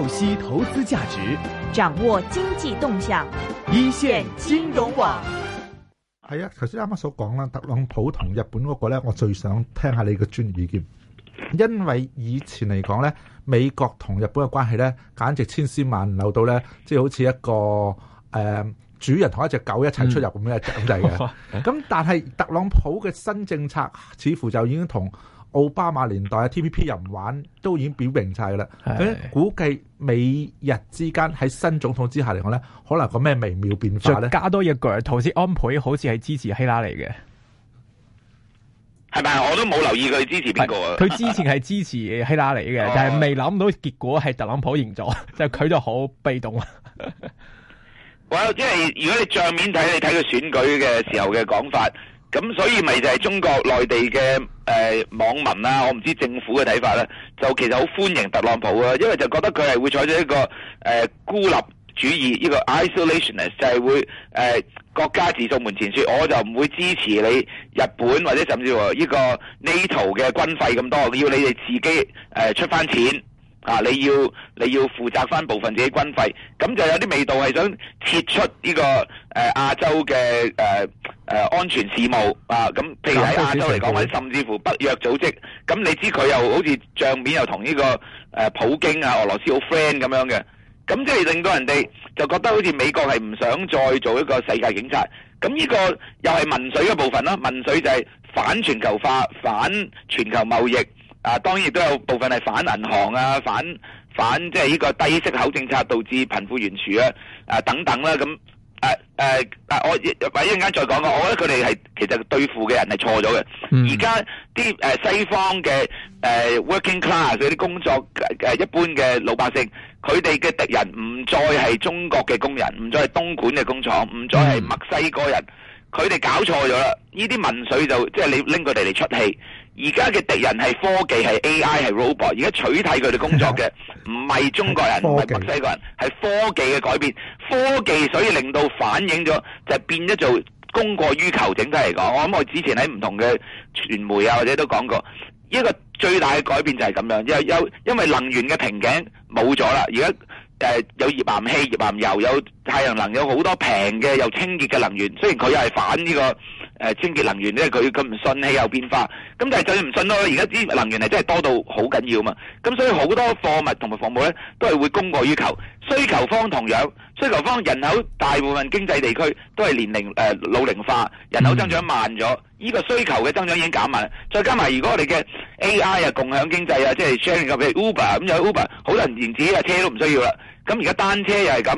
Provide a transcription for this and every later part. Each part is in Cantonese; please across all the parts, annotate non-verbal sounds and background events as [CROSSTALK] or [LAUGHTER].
透析投資價值，掌握經濟動向，一線金融網。係啊，頭先啱啱所講啦，特朗普同日本嗰個咧，我最想聽下你嘅專業意見，因為以前嚟講咧，美國同日本嘅關係咧，簡直千絲萬縷到咧，即、就、係、是、好似一個誒、呃、主人同一隻狗一齊出入咁樣嘅。咁、嗯、 [LAUGHS] 但係特朗普嘅新政策，似乎就已經同。奧巴馬年代嘅 TPP 又唔玩，都已經表明晒噶啦。咁估計美日之間喺新總統之下嚟講咧，可能個咩微妙變化咧？加多一句，頭先安倍好似係支持希拉里嘅，係咪？我都冇留意佢支持邊個啊？佢之前係支持希拉里嘅，但係未諗到結果係特朗普贏咗，就佢就好被動啊。或者係如果你賬面睇，你睇佢選舉嘅時候嘅講法。咁所以咪就係中國內地嘅誒、呃、網民啦、啊，我唔知政府嘅睇法啦、啊，就其實好歡迎特朗普啊，因為就覺得佢係會採取一個誒、呃、孤立主義，呢個 isolationist 就係會誒、呃、國家自掃門前雪，我就唔會支持你日本或者甚至乎呢個 NATO 嘅軍費咁多，要你哋自己誒、呃、出翻錢。啊！你要你要負責翻部分自己的軍費，咁就有啲味道係想撤出呢、呢個誒、呃、亞洲嘅誒誒安全事務啊！咁譬如喺亞洲嚟講，或者甚至乎北約組織，咁你知佢又好似帳面又同呢、呢個誒、呃、普京啊、俄羅斯好 friend 咁樣嘅，咁即係令到人哋就覺得好似美國係唔想再做一個世界警察，咁呢個又係民粹嘅部分啦。民粹就係反全球化、反全球貿易。啊，當然都有部分係反銀行啊，反反即係呢個低息口政策導致貧富懸殊啊，啊等等啦、啊、咁，誒、啊、誒、啊啊，我一陣間再講講，我覺得佢哋係其實對付嘅人係錯咗嘅。而家啲西方嘅誒、啊、working class 嗰啲工作一般嘅老百姓，佢哋嘅敵人唔再係中國嘅工人，唔再係東莞嘅工廠，唔再係墨西哥人，佢哋搞錯咗啦。呢啲民粹就即係你拎佢哋嚟出氣。而家嘅敵人係科技，係 AI，係 robot。而家取締佢哋工作嘅唔係中國人，唔係墨西哥人，係科技嘅改變。科技所以令到反映咗就變咗做供過於求。整體嚟講，我諗我之前喺唔同嘅傳媒啊，或者都講過一個最大嘅改變就係咁樣。有有因為能源嘅瓶頸冇咗啦，而家。誒、呃，有頁岩氣、頁岩油，有太陽能，有好多平嘅又清潔嘅能源。雖然佢又係反呢、這個誒、呃、清潔能源，咧佢佢唔信氣候變化。咁但係就算唔信咯，而家啲能源係真係多到好緊要嘛。咁所以好多貨物同埋服務咧，都係會供過於求。需求方同樣，需求方人口大部分經濟地區都係年齡誒、呃、老齡化，人口增長慢咗。嗯呢、這個需求嘅增長已經減慢了，再加埋如果我哋嘅 AI 啊、共享經濟啊，即係 sharing，譬如 Uber 咁樣，Uber 好多人連自己嘅車都唔需要啦。咁而家單車又係咁，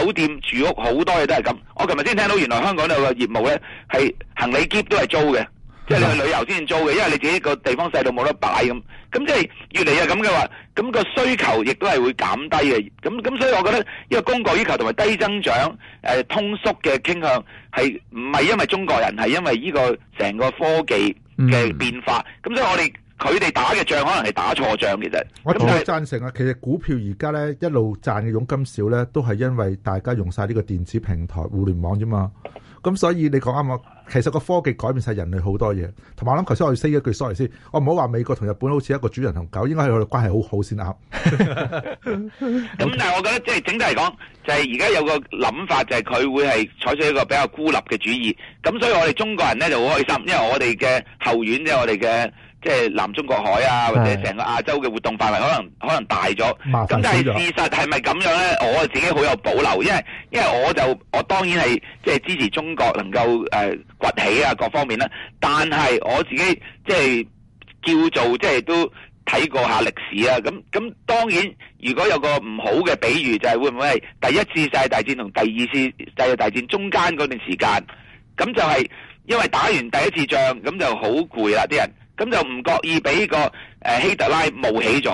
酒店住屋好多嘢都係咁。我琴日先聽到原來香港有個業務呢，係行李 k 都係租嘅，即係、就是、你去旅遊先租嘅，因為你自己個地方細到冇得擺咁。咁即係越嚟越咁嘅話，咁個需求亦都係會減低嘅。咁咁所以，我覺得依個供過於求同埋低增長、誒、呃、通縮嘅傾向係唔係因為中國人，係因為呢個成個科技嘅變化。咁、嗯、所以，我哋佢哋打嘅仗可能係打錯仗其實、嗯就是。我完全贊成啊！其實股票而家咧一路賺嘅佣金少咧，都係因為大家用晒呢個電子平台、互聯網啫嘛。咁所以你講啱我。其實個科技改變晒人類好多嘢，同埋我諗頭先我要 say 一句 sorry 先，我唔好話美國同日本好似一個主人同狗，應該係佢哋關係好好先啱。咁但係我覺得即係整體嚟講，就係而家有個諗法，就係佢會係採取一個比較孤立嘅主義。咁所以我哋中國人咧就好開心，因為我哋嘅後院即係我哋嘅。即、就、係、是、南中國海啊，或者成個亞洲嘅活動範圍可，可能可能大咗。咁但係事實係咪咁樣咧？我自己好有保留，因為因為我就我當然係即係支持中國能夠誒、呃、崛起啊，各方面啦、啊。但係我自己即係、就是、叫做即係、就是、都睇過下歷史啊。咁咁當然，如果有個唔好嘅比喻，就係會唔會係第一次世界大戰同第二次世界大戰中間嗰段時間？咁就係因為打完第一次仗，咁就好攰啦，啲人。咁就唔覺意俾、呢個誒、啊、希特拉冒起咗，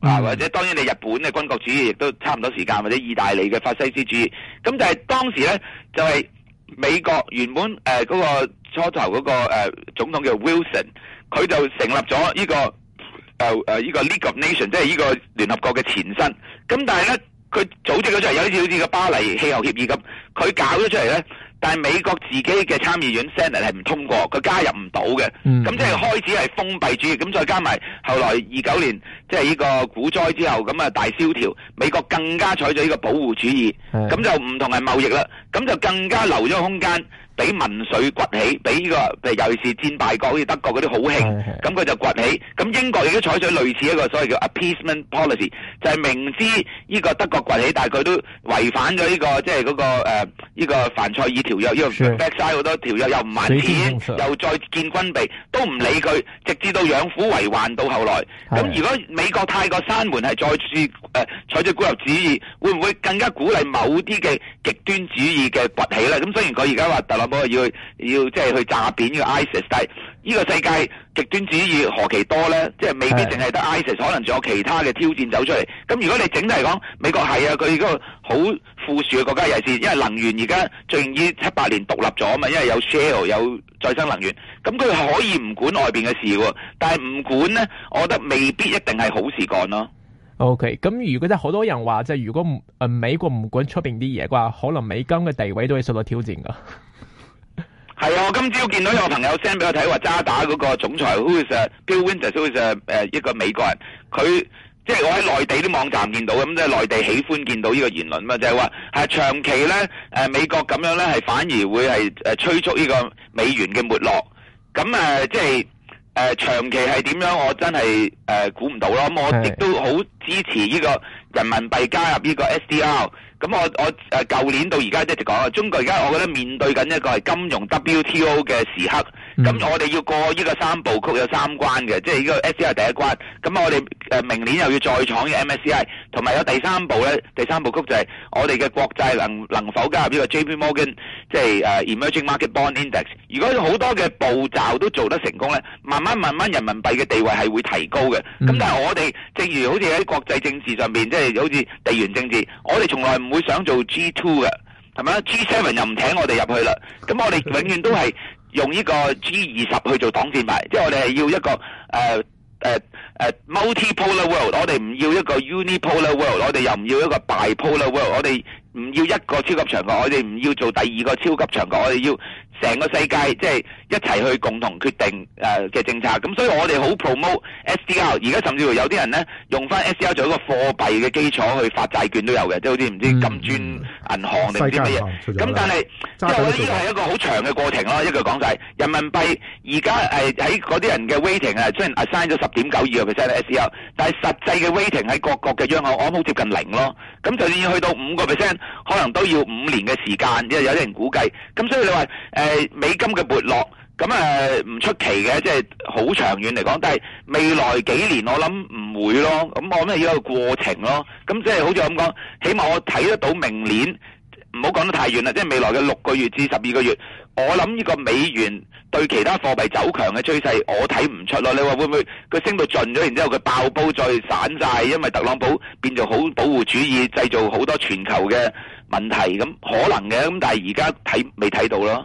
啊或者當然你日本嘅軍國主義亦都差唔多時間，或者意大利嘅法西斯主義。咁但係當時咧，就係、是、美國原本嗰、啊嗰個初頭嗰、嗰個、啊、總統叫 Wilson，佢就成立咗呢、呢個誒、啊啊呢個 League of Nations，即係呢個聯合國嘅前身。咁但係咧，佢組織咗出嚟有啲好似個巴黎氣候協議咁，佢搞咗出嚟咧。但係美國自己嘅參議院 Senate 係唔通過，佢加入唔到嘅，咁、嗯、即係開始係封閉主義，咁再加埋後來二九年即係呢個股災之後，咁啊大蕭條，美國更加採取呢個保護主義，咁就唔同係貿易啦，咁就更加留咗空間。俾民粹崛起，俾呢個，譬如尤其是戰敗國，好似德國嗰啲好興，咁佢就崛起。咁英國亦都採取類似一個所謂叫 appeasement policy，就係明知呢個德國崛起，但係佢都違反咗呢個即係嗰個呃呢個凡賽爾條約，因為 back 曬好多條約，又唔還錢，又再建軍備，都唔理佢，直至到養虎為患到後來。咁如果美國太過閂門，係再次誒採取孤立、呃、主義，會唔會更加鼓勵某啲嘅極端主義嘅崛起咧？咁雖然佢而家話特朗我又要要即係去詐騙呢個 ISIS，但係呢個世界極端主義何其多呢？即係未必淨係得 ISIS，可能仲有其他嘅挑戰走出嚟。咁如果你整體嚟講，美國係啊，佢嗰個好富庶嘅國家又是，因為能源而家最近七八年獨立咗啊嘛，因為有 shale 有再生能源，咁佢可以唔管外邊嘅事喎。但係唔管呢，我覺得未必一定係好事幹咯。OK，咁如果真係好多人話，即係如果唔美國唔管出邊啲嘢嘅話，可能美金嘅地位都會受到挑戰噶。係啊，我今朝見到有朋友 send 俾我睇，話渣打嗰個總裁，好似 Bill Winters，好似就一個美國人，佢即係我喺內地啲網站見到嘅，咁即係內地喜歡見到呢個言論嘛，就係話係長期咧，美國咁樣咧係反而會係催促呢個美元嘅沒落，咁即係長期係點樣，我真係誒估唔到咯。咁我亦都好支持呢個人民幣加入呢個 SDR。咁我我誒舊年到而家即係講啊，中國而家我覺得面對緊一個係金融 WTO 嘅時刻，咁我哋要過呢個三部曲有三關嘅，即係呢個 MSCI 第一關，咁我哋誒明年又要再闖嘅 MSCI，同埋有第三步咧，第三部曲就係我哋嘅國際能能否加入呢個 JP Morgan，即係 Emerging Market Bond Index。如果好多嘅步驟都做得成功咧，慢慢慢慢人民幣嘅地位係會提高嘅。咁但係我哋正如好似喺國際政治上面，即係好似地緣政治，我哋從來唔會想做 G two 嘅，係咪？G seven 又唔請我哋入去啦。咁我哋永遠都係用呢個 G 二十去做擋箭牌，即係我哋要一個 uh, uh, uh, multi polar world。我哋唔要一個 unipolar world。我哋又唔要一個 bi polar world。我哋唔要一個超級長角。我哋唔要做第二個超級長角。我哋要。成個世界即係、就是、一齊去共同決定誒嘅政策，咁所以我哋好 promote SDR。而家甚至乎有啲人咧用翻 SDR 做一個貨幣嘅基礎去發債券都有嘅，即係好似唔知金磚銀行定唔知乜嘢。咁、嗯、但係即係我覺得呢個係一個好長嘅過程咯，一句講曬。人民幣而家誒喺嗰啲人嘅 weighting 啊，雖然 assign 咗十點九二個 percent SDR，但係實際嘅 weighting 喺各國嘅央行，我諗好接近零咯。咁就算要去到五個 percent，可能都要五年嘅時間，因為有啲人估計。咁所以你話誒？呃誒，美金嘅沒落，咁，誒唔出奇嘅，即係好長遠嚟講。但係未來幾年我諗唔會咯，咁我諗係一個過程咯。咁即係好似咁講，起碼我睇得到明年，唔好講得太遠啦。即係未來嘅六個月至十二個月，我諗呢個美元對其他貨幣走強嘅趨勢，我睇唔出咯。你話會唔會佢升到盡咗，然之後佢爆煲再散晒，因為特朗普變做好保護主義，製造好多全球嘅問題，咁可能嘅。咁但係而家睇未睇到咯。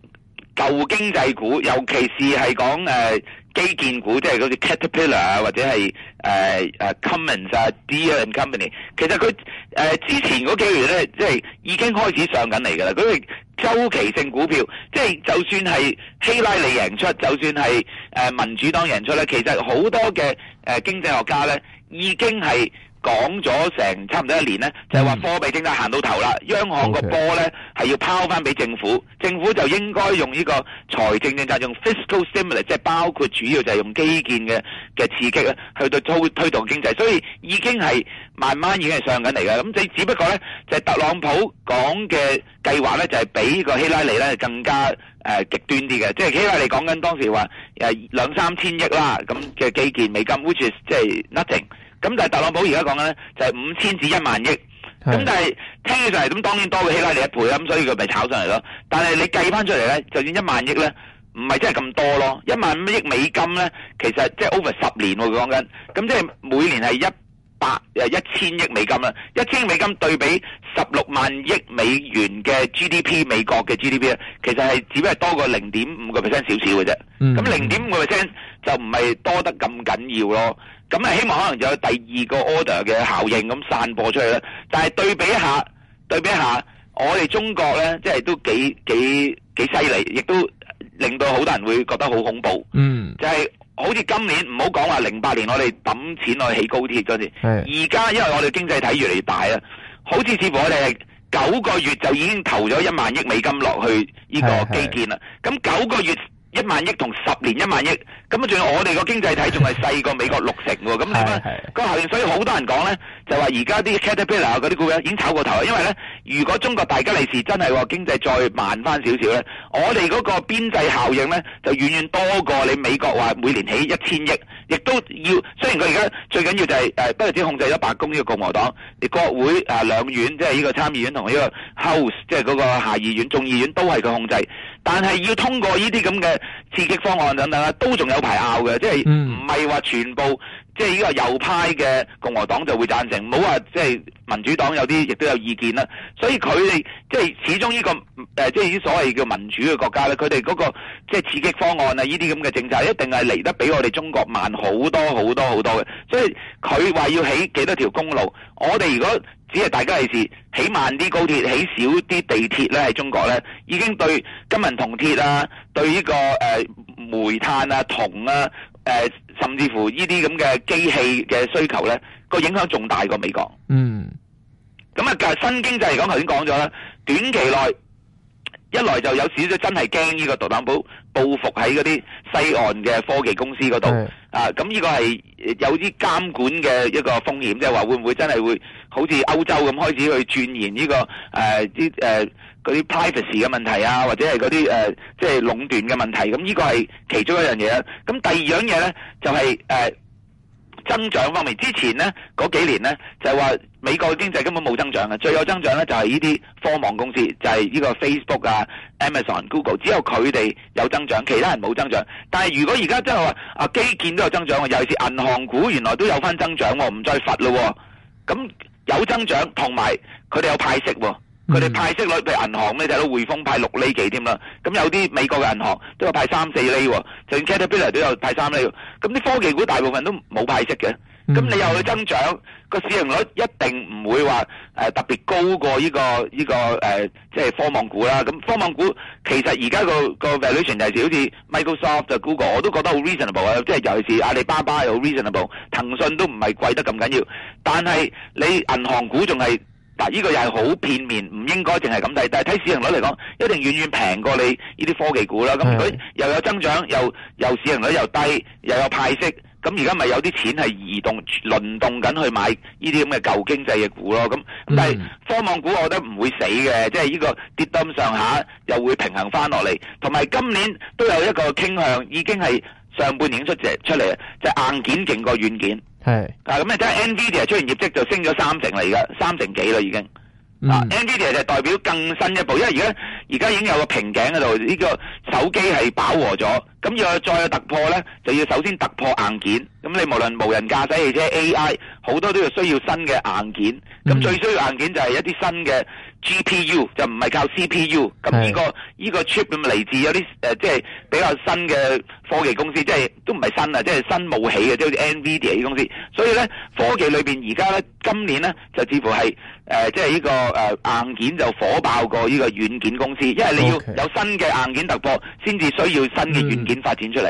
舊經濟股，尤其是係講、啊、基建股，即係嗰啲 Caterpillar 啊，或者係 Cummins 啊、uh，Deere & Company，其實佢、啊、之前嗰幾年咧，即係已經開始上緊嚟㗎啦。佢係週期性股票，即係就算係希拉利贏出，就算係、啊、民主黨贏出咧，其實好多嘅經濟學家咧已經係。講咗成差唔多一年咧，就係話貨幣經濟行到頭啦，央行個波咧係要拋翻俾政府，政府就應該用呢個財政政策，用 fiscal stimulus，即係包括主要就係用基建嘅嘅刺激咧，去到推推動經濟，所以已經係慢慢已經係上緊嚟嘅。咁只不過咧，就係特朗普講嘅計劃咧，就係比呢個希拉里咧更加誒極端啲嘅，即係希拉里講緊當時話誒兩三千億啦，咁嘅基建美金，which is 即係 nothing。咁但係特朗普而家講緊咧，就係五千至一萬億，咁但係聽起上嚟咁當然多過希拉里一倍啦，咁所以佢咪炒上嚟咯。但係你計翻出嚟咧，就算一萬億咧，唔係真係咁多咯，一萬五億美金咧，其實即係 over 十年佢講緊，咁即係每年係一。百誒，一千億美金啦，一千億美金對比十六萬億美元嘅 GDP，美國嘅 GDP 咧，其實係只不過多過零點五個 percent 少少嘅啫。咁零點五個 percent 就唔係多得咁緊要咯。咁啊希望可能就有第二個 order 嘅效應咁散播出去啦。但係對比一下，對比一下，我哋中國咧，即係都幾幾幾犀利，亦都令到好多人會覺得好恐怖。嗯，就係。好似今年唔好講話零八年，我哋抌錢落去起高鐵嗰啲，而家因為我哋經濟體越嚟越大啦，好似似乎我哋係九個月就已經投咗一萬億美金落去呢個基建啦，咁九個月。一萬億同十年一萬億，咁仲有我哋個經濟體仲係細過美國六成喎，咁點啊個效應？ [LAUGHS] 所以好多人講咧，就話而家啲 Caterpillar 嗰啲股票已經炒過頭啦。因為咧，如果中國大吉利是真係經濟再慢翻少少咧，我哋嗰個邊際效應咧就遠遠多過你美國話每年起一千億，亦都要。雖然佢而家最緊要就係、是、誒，不過只控制咗白宮呢個共和黨，你國會啊兩院，即係呢個參議院同呢個 house，即係嗰個下議院、眾議院都係佢控制。但係要通過呢啲咁嘅刺激方案等等啦，都仲有排拗嘅，即係唔係話全部即係呢個右派嘅共和黨就會贊成，唔好話即係民主黨有啲亦都有意見啦。所以佢哋即係始終呢個誒，即係啲所謂叫民主嘅國家咧，佢哋嗰個即係刺激方案啊，呢啲咁嘅政策一定係嚟得比我哋中國慢好多好多好多嘅。所以佢話要起幾多條公路，我哋如果。只係大家嘅意思，起慢啲高鐵，起少啲地鐵咧，喺中國咧，已經對金銀銅鐵啊，對呢個煤炭啊、銅啊、啊甚至乎呢啲咁嘅機器嘅需求咧，個影響仲大過美國。嗯，咁啊，新經濟嚟講，頭先講咗啦，短期內一來就有少少真係驚呢個特朗普。報復喺嗰啲西岸嘅科技公司嗰度啊，咁呢個係有啲監管嘅一個風險，即係話會唔會真係會好似歐洲咁開始去鑽研呢個誒，啲誒嗰啲 privacy 嘅問題啊，或者係嗰啲誒即係壟斷嘅問題，咁呢個係其中一樣嘢。咁第二樣嘢咧就係、是、誒。呃增長方面，之前呢嗰幾年呢，就係話美國經濟根本冇增長嘅，最有增長呢，就係呢啲科網公司，就係、是、呢個 Facebook 啊、Amazon、Google，只有佢哋有增長，其他人冇增長。但係如果而家真係話啊基建都有增長，尤其是銀行股原來都有翻增長喎，唔再罰咯，咁有增長同埋佢哋有派息喎。佢哋派息率，譬如銀行咧，睇到匯豐派六厘幾添啦，咁有啲美國嘅銀行都有派三四厘喎，就算 Caterpillar 都有派三厘，咁啲科技股大部分都冇派息嘅，咁你又去增長，個市盈率一定唔會話誒特別高過呢個呢個誒，即係科網股啦。咁科網股其實而家個個 valuation 就係好似 Microsoft 啊、Google，我都覺得好 reasonable 啊，即係尤其是阿里巴巴又好 reasonable，騰訊都唔係貴得咁緊要，但係你銀行股仲係。嗱，呢個又係好片面，唔應該淨係咁睇。但係睇市盈率嚟講，一定遠遠平過你呢啲科技股啦。咁佢又有增長，又又市盈率又低，又有派息。咁而家咪有啲錢係移動、輪動緊去買呢啲咁嘅舊經濟嘅股咯。咁但係科網股，我覺得唔會死嘅，即係呢個跌得咁上下，又會平衡翻落嚟。同埋今年都有一個傾向，已經係上半年出嚟出嚟，就硬件勁過軟件。係，嗱，咁你睇下 NVIDIA 出現業績就升咗三成啦，而家三成幾啦已經。嗯、NVIDIA 就代表更新一步，因為而家而家已經有個瓶頸喺度，呢、呢個手機係飽和咗，咁要有再有突破咧，就要首先突破硬件。咁你無論無人駕駛汽車、AI，好多都要需要新嘅硬件。咁最需要硬件就係一啲新嘅 GPU，就唔係靠 CPU、呢個。咁呢個呢個 chip 咁嚟自有啲誒，即、呃、係。就是比較新嘅科技公司，即係都唔係新啊，即係新冒起嘅，即係好似 Nvidia 呢啲公司。所以咧，科技裏邊而家咧，今年咧就似乎係誒，即係呢個誒硬件，就火爆過呢個軟件公司，因為你要有新嘅硬件突破，先至需要新嘅軟件發展出嚟。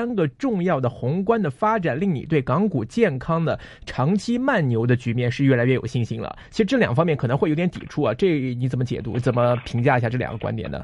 三個重要的宏觀的發展令你對港股健康的長期慢牛的局面是越來越有信心了。其實這兩方面可能會有點抵觸啊，這你怎麼解讀？怎麼評價一下這兩個觀點呢？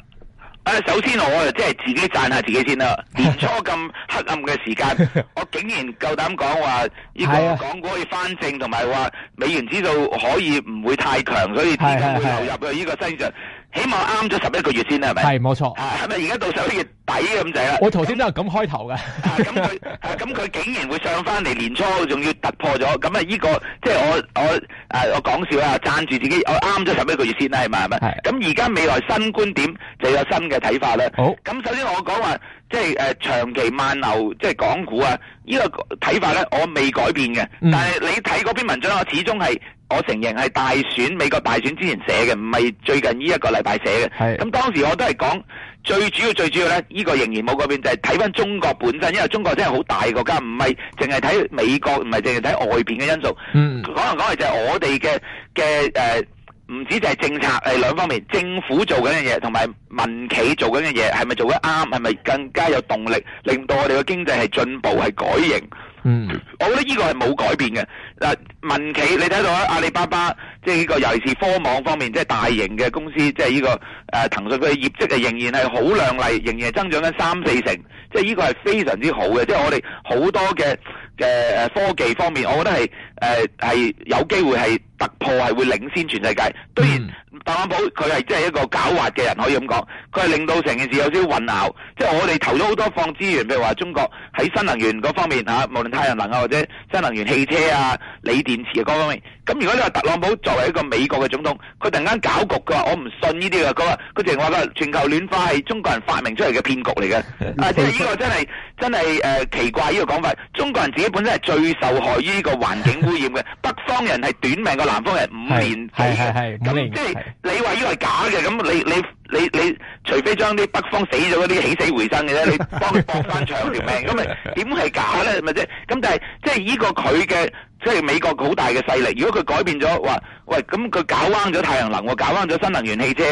首先我即係自己讚下自己先啦。年初咁黑暗嘅時間， [LAUGHS] 我竟然夠膽講話呢個港股可以翻正，同埋話美元指數可以唔會太強，所以資金會流入去呢 [LAUGHS] 個市場。起碼啱咗十一個月先啦，係咪？係冇錯。係咪而家到十一月底咁就係啦？我頭先都係咁開頭嘅、 [LAUGHS] 啊。咁佢咁佢竟然會上翻嚟，年初仲要突破咗，咁啊呢個即係我我誒、呃、我講笑啦，贊住自己我啱咗十一個月先啦，係咪？係。咁而家未來新觀點就有新嘅睇法啦。好。咁首先我講話。即係誒，長期慢流即係、就是、港股啊！這個、看法呢個睇法咧，我未改變嘅。但係你睇嗰篇文章，我始終係我承認係大選美國大選之前寫嘅，唔係最近呢一個禮拜寫嘅。咁當時我都係講最主要最主要咧，呢、這個仍然冇改變，就係睇返中國本身，因為中國真係好大國家，唔係淨係睇美國，唔係淨係睇外邊嘅因素。可、嗯、能講去就係我哋嘅嘅誒。唔止就係政策係兩方面，政府做緊嘅嘢同埋民企做緊嘅嘢，係咪做得啱？係咪更加有動力，令到我哋嘅經濟係進步係改型？嗯，我覺得呢個係冇改變嘅嗱、呃。民企你睇到喺阿里巴巴即係呢個，尤其是科網方面，即係大型嘅公司，即係呢個、呃、騰訊嘅業績係仍然係好亮麗，仍然係增長緊三四成，即係呢個係非常之好嘅。即係我哋好多嘅嘅呃科技方面，我覺得係、呃、係有機會係。突破係會領先全世界，嗯、當然特朗普佢係真係一個狡猾嘅人，可以咁講，佢係令到成件事有少少混淆。即、就、係、是、我哋投咗好多放資源，譬如話中國喺新能源嗰方面、啊、無論太陽能啊或者新能源汽車啊、鋰電池啊嗰方面。咁如果你話特朗普作為一個美國嘅總統，佢突然間搞局，佢話我唔信呢啲嘅，佢話佢淨話個全球暖化係中國人發明出嚟嘅騙局嚟嘅，啊即係呢個真係真係誒奇怪呢個講法，中國人自己本身係最受害於呢個環境污染嘅，北方人係短命過南方人五年，係係係，五年，咁即係你話呢個係假嘅，咁你你。你你，除非將啲北方死咗嗰啲起死回生嘅啫，你幫佢搏翻長條命，咁咪點係假咧？咪啫。咁但係即係呢個佢嘅，即係美國好大嘅勢力。如果佢改變咗話，喂，咁佢搞彎咗太陽能，搞彎咗新能源汽車，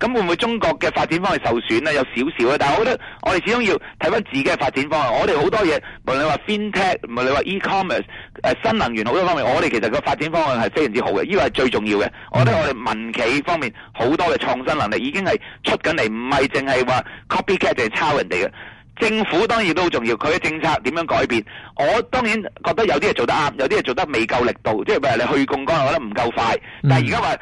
咁會唔會中國嘅發展方向受損咧？有少少嘅。但係我覺得，我哋始終要睇翻自己嘅發展方向。我哋好多嘢，無論你話 FinTech，唔係你話 E-commerce，新能源好多方面，我哋其實個發展方向係非常之好嘅。呢個係最重要嘅。我覺得我哋民企方面好多嘅創新能力已經係出緊嚟，唔係淨係話 copycat，淨係抄人哋嘅。政府當然都好重要，佢嘅政策點樣改變？我當然覺得有啲嘢做得啱，有啲嘢做得未夠力度，即係譬如你去槓桿，我覺得唔夠快。但係而家話誒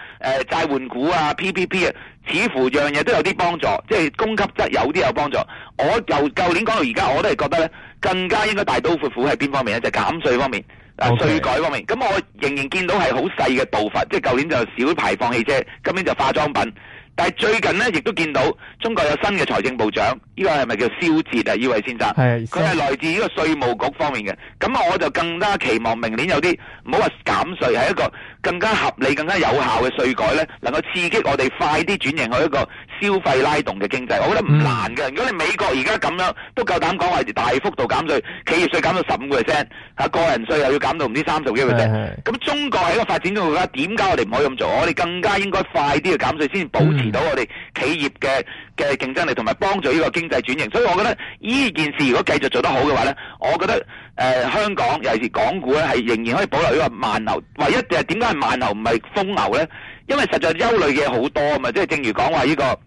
債換股啊、PPP 啊，似乎樣嘢都有啲幫助，即係供給側有啲有幫助。我由舊年講到而家，我都係覺得咧，更加應該大刀闊斧喺邊方面咧？就係減稅方面啊，okay. 稅改方面。咁我仍然見到係好細嘅步伐，即係舊年就少排放汽車，今年就化妝品。但係最近咧，亦都見到中國有新嘅財政部長，呢、這個係咪叫肖捷啊？呢位先生，佢係來自呢個稅務局方面嘅。咁我就更加期望明年有啲唔好話減稅，係一個更加合理、更加有效嘅稅改咧，能夠刺激我哋快啲轉型去一個消費拉動嘅經濟。我覺得唔難嘅、嗯。如果你美國而家咁樣都夠膽講話大幅度減稅，企業稅減到十五個 percent，個人稅又要減到唔知三十幾個 percent，咁中國喺一個發展中國家，點解我哋唔可以咁做？我哋更加應該快啲去減稅，先保持、嗯。到我哋企業嘅嘅競爭力，同埋幫助呢個經濟轉型，所以我覺得呢件事如果繼續做得好嘅話咧，我覺得誒香港尤其是港股咧，係仍然可以保留呢個慢牛。唯一就係點解係慢牛唔係瘋牛咧？因為實在憂慮嘅好多啊嘛，即係正如講話呢個。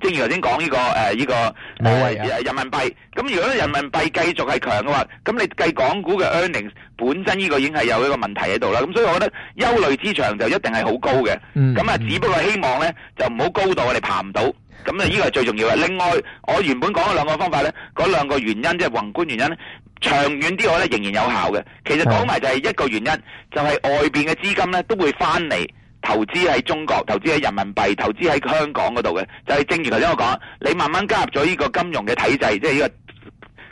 正如頭先講呢個誒呢、呃這個呃 yeah, yeah. 人民幣，咁如果人民幣繼續係強嘅話，咁你計港股嘅 earnings 本身呢個已經係有一個問題喺度啦。咁所以我覺得憂慮之牆就一定係好高嘅。咁啊，只不過希望咧就唔好高到我哋爬唔到。咁啊，呢個係最重要嘅。另外，我原本講嘅兩個方法咧，嗰兩個原因即係、就是、宏觀原因咧，長遠啲我咧仍然有效嘅。其實講埋就係一個原因，就係、是、外面嘅資金咧都會翻嚟。投資喺中國，投資喺人民幣，投資喺香港嗰度嘅，就係正如頭先我講，你慢慢加入咗呢個金融嘅體制，即係呢個。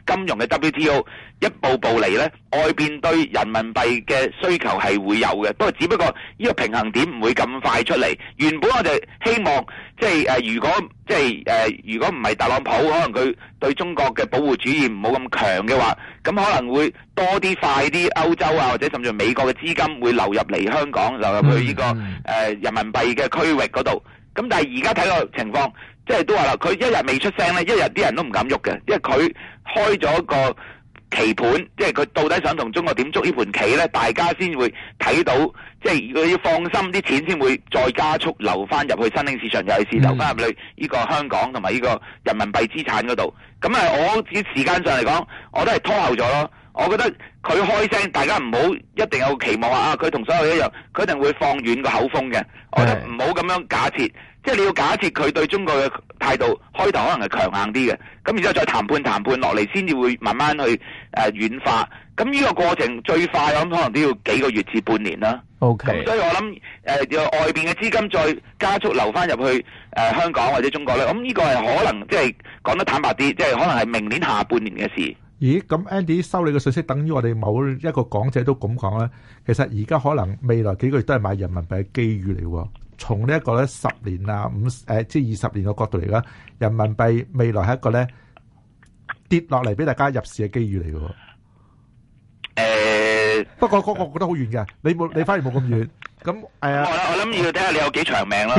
金融嘅 WTO 一步步嚟呢，外邊對人民幣嘅需求係會有嘅，不過只不過呢個平衡點唔會咁快出嚟。原本我哋希望即係、呃、如果即係、呃、如果唔係特朗普，可能佢對中國嘅保護主義唔好咁強嘅話，咁可能會多啲快啲歐洲啊，或者甚至美國嘅資金會流入嚟香港，流入去呢個誒、呃、人民幣嘅區域嗰度。咁但係而家睇個情況，即係都話啦，佢一日未出聲咧，一日啲人都唔敢喐嘅，因為佢開咗個棋盤，即係佢到底想同中國點捉盤旗呢盤棋咧，大家先會睇到，即係如果要放心啲錢，先會再加速流翻入去新興市場，尤其是流翻入去呢個香港同埋呢個人民幣資產嗰度。咁啊，我自己時間上嚟講，我都係拖後咗咯。我覺得佢開聲，大家唔好一定有期望啊！佢同所有一樣，佢一定會放軟個口風嘅。我哋唔好咁樣假設，即係你要假設佢對中國嘅態度開頭可能係強硬啲嘅。咁然之後再談判談判落嚟，先至會慢慢去誒軟化。咁呢個過程最快咁，可能都要幾個月至半年啦。O K。所以我諗誒外邊嘅資金再加速流翻入去誒香港或者中國咧，咁呢個係可能即係講得坦白啲，即係可能係明年下半年嘅事。咦，咁 Andy 收你嘅信息，等於我哋某一個講者都咁講咧。其實而家可能未來幾個月都係買人民幣嘅機遇嚟嘅。從呢一個咧十年啊、五誒即係二十年嘅角度嚟講，人民幣未來係一個咧跌落嚟俾大家入市嘅機遇嚟嘅。誒，不過嗰個我覺得好遠嘅，你冇你反而冇咁遠。咁係啊！我我諗要睇下你有幾長命啦，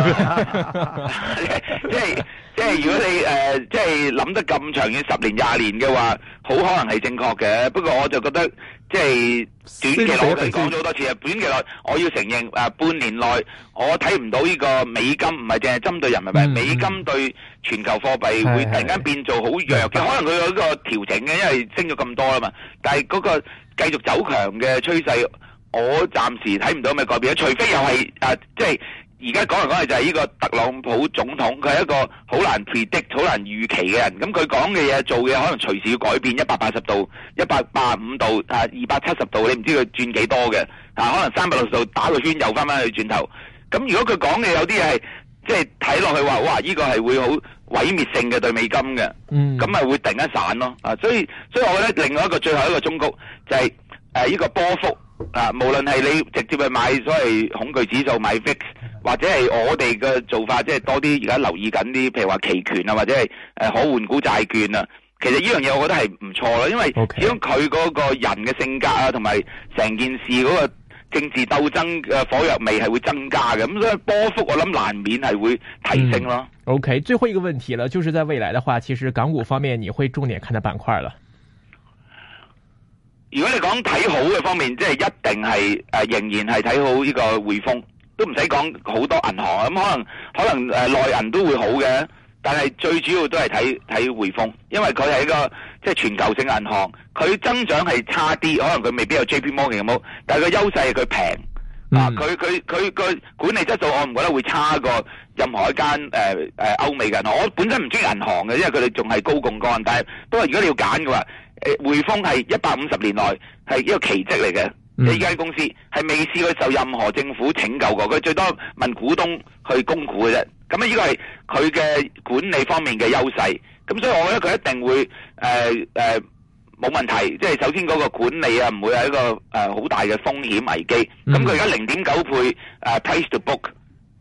即係即係如果你誒即係諗得咁長遠，十年廿年嘅話，好可能係正確嘅。不過我就覺得即係短期內我哋講咗好多次啊，短期內我要承認啊，半年內我睇唔到呢個美金，唔係淨係針對人民幣，美金對全球貨幣會突然間變做好弱嘅，可能佢有一個調整嘅，因為升咗咁多啦嘛。但係嗰個繼續走強嘅趨勢。我暫時睇唔到咩改變，除非又係誒，即係而家講嚟講去就係呢個特朗普總統，佢係一個好難 predict、好難預期嘅人。咁佢講嘅嘢、做嘅可能隨時要改變一百八十度、一百八五度、啊二百七十度，你唔知佢轉幾多嘅吓，啊，可能三百六十度打個圈又翻翻去轉頭。咁如果佢講嘅有啲嘢係即係睇落去話哇，呢個係會好毀滅性嘅對美金嘅，咁咪會突然間散咯。啊，所以所以我覺得另外一個最後一個中谷就係誒呢個波幅。嗱，無論係你直接去買所謂恐懼指數，買 VIX，或者係我哋嘅做法，即係多啲而家留意緊啲，譬如話期權啊，或者係誒可換股債券啊，其實呢樣嘢我覺得係唔錯咯，因為始終佢嗰個人嘅性格啊，同埋成件事嗰個政治鬥爭嘅火藥味係會增加嘅，咁所以波幅我諗難免係會提升咯、嗯。OK，最後一個問題呢，就是在未來的話，其實港股方面你會重點看啲板塊啦。如果你講睇好嘅方面，即係一定係誒，仍然係睇好呢個匯豐，都唔使講好多銀行咁，嗯，可能可能誒內銀都會好嘅，但係最主要都係睇睇匯豐，因為佢係一個即係全球性銀行，佢增長係差啲，可能佢未必有 JPM 咁好，但係佢優勢佢平啊，佢佢佢個管理質素，我唔覺得會差過任何一間誒誒歐美銀行。我本身唔中意銀行嘅，因為佢哋仲係高槓杆，但係不過如果你要揀嘅話。誒匯豐係一百五十年內係一個奇蹟嚟嘅，呢、嗯、間、就是、公司係未試過受任何政府拯救過，佢最多問股東去供股嘅啫。咁呢依個係佢嘅管理方面嘅優勢。咁所以，我覺得佢一定會誒誒冇問題。即係首先嗰個管理啊，唔會係一個誒好、呃、大嘅風險危機。咁佢而家零點九倍誒、呃、price to book。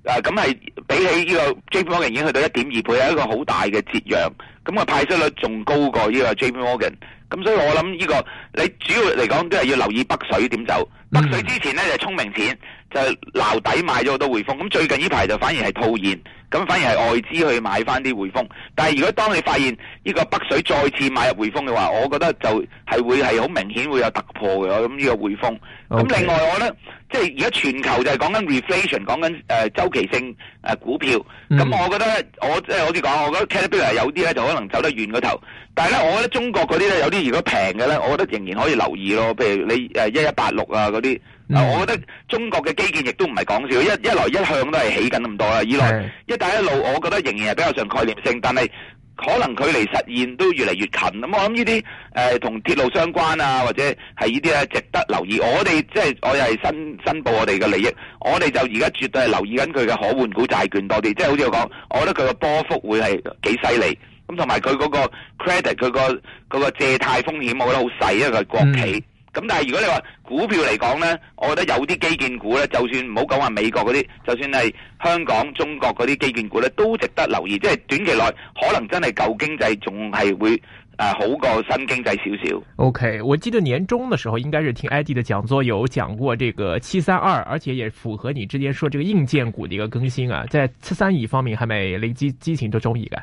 啊，咁係比起呢個 JPMorgan 已經去到一點二倍，係一個好大嘅折讓，咁啊派息率仲高過呢個 JPMorgan，咁所以我諗呢個你主要嚟講都係要留意北水點走，北水之前咧就聰明錢就係撈底買咗好多匯豐，咁最近呢排就反而係套現。咁反而係外資去買翻啲匯豐，但係如果當你發現呢個北水再次買入匯豐嘅話，我覺得就係會係好明顯會有突破嘅咁呢個匯豐。咁、okay。另外我覺得即係而家全球就係講緊 reflation，講緊、呃、周期性、呃、股票。咁、嗯、我覺得我即係好似講，我覺得 catapult 有啲咧就可能走得遠嗰頭。但係咧，我覺得中國嗰啲咧有啲如果平嘅咧，我覺得仍然可以留意咯。譬如你誒一一八六啊嗰啲、嗯，我覺得中國嘅基建亦都唔係講笑，一一來一向都係起緊咁多啦，二一。第一路，我覺得仍然係比較上概念性，但係可能距離實現都越嚟越近。咁我諗呢啲誒同鐵路相關啊，或者係呢啲咧值得留意。我哋即係我係申報我哋嘅利益，我哋就而家絕對係留意緊佢嘅可換股債券多啲。即係好似我講，我覺得佢個波幅會係幾犀利。咁同埋佢嗰個 credit，佢個佢借貸風險，我覺得好細，因為佢國企、嗯。咁但係如果你話股票嚟講呢，我覺得有啲基建股呢，就算唔好講話美國嗰啲，就算係香港、中國嗰啲基建股呢，都值得留意。即係短期內可能真係舊經濟仲係會誒、呃、好過新經濟少少。O K，我記得年中嘅時候，應該是聽 Eddie 的講座有講過這個七三二，而且也符合你之前說這個硬件股的一個更新啊。即係七三二方面，係咪你之前都中意嘅？誒、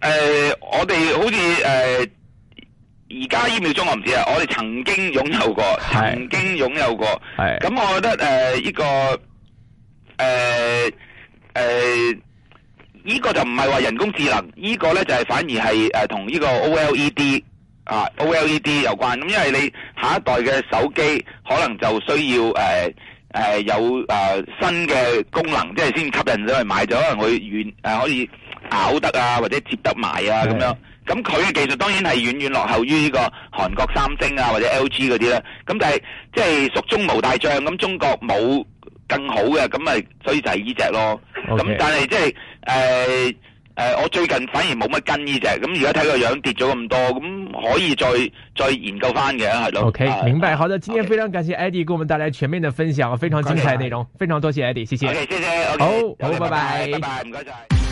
呃，我哋好似誒。呃而家呢秒鐘我唔知啊，我哋曾經擁有過，曾經擁有過。咁我覺得誒呢、呃這個誒誒呢個就唔係話人工智能，這個、呢個咧就係、是、反而係誒同呢個 O L E D 啊 O L E D 有關。咁、呃、因為你下一代嘅手機可能就需要誒誒、呃呃、有誒、呃、新嘅功能，即係先吸引咗嚟買咗，可能佢遠誒可以咬得啊，或者接得埋啊咁樣。咁佢嘅技術當然係遠遠落後於呢個韓國三星啊或者 LG 嗰啲啦，咁但係即係蜀中無大將，咁中國冇更好嘅，咁咪所以就係呢隻咯。咁、okay. 但係即係誒誒，我最近反而冇乜跟呢隻，咁而家睇個樣跌咗咁多，咁可以再再研究翻嘅係咯。OK，、呃、明白，好的。今天非常感謝 Eddie 給我們帶來全面嘅分享，非常精彩內容，謝謝非常多謝 Eddie 謝謝 OK，謝謝，好、okay, oh, okay, oh, okay,，好，拜拜。拜拜，唔該曬。